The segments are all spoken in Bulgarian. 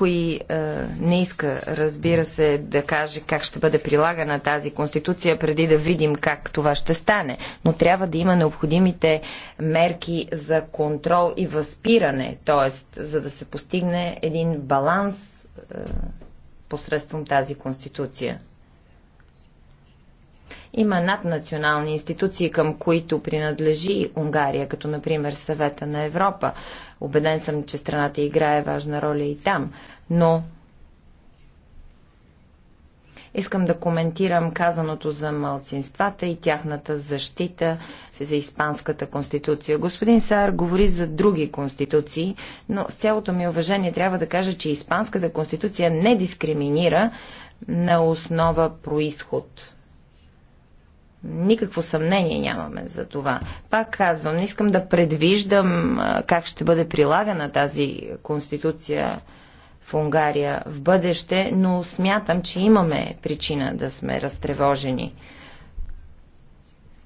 никой е, не иска, разбира се, да каже как ще бъде прилагана тази конституция, преди да видим как това ще стане. Но трябва да има необходимите мерки за контрол и възпиране, т.е. за да се постигне един баланс е, посредством тази конституция. Има наднационални институции, към които принадлежи Унгария, като например Съвета на Европа. Обеден съм, че страната играе важна роля и там, но Искам да коментирам казаното за малцинствата и тяхната защита за Испанската конституция. Господин Саар говори за други конституции, но с цялото ми уважение трябва да кажа, че Испанската конституция не дискриминира на основа происход. Никакво съмнение нямаме за това. Пак казвам, не искам да предвиждам как ще бъде прилагана тази конституция в Унгария в бъдеще, но смятам, че имаме причина да сме разтревожени.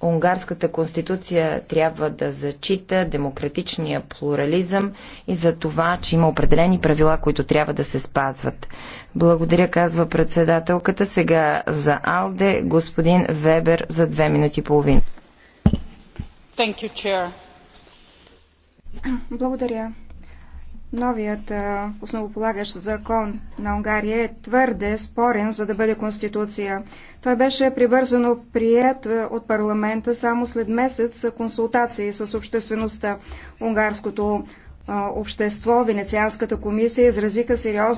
Унгарската конституция трябва да зачита демократичния плурализъм и за това, че има определени правила, които трябва да се спазват. Благодаря, казва председателката. Сега за Алде, господин Вебер за две минути и половина. Благодаря, Новият основополагащ закон на Унгария е твърде спорен, за да бъде конституция. Той беше прибързано прият от парламента само след месец консултации с обществеността. Унгарското общество, Венецианската комисия изразиха сериозни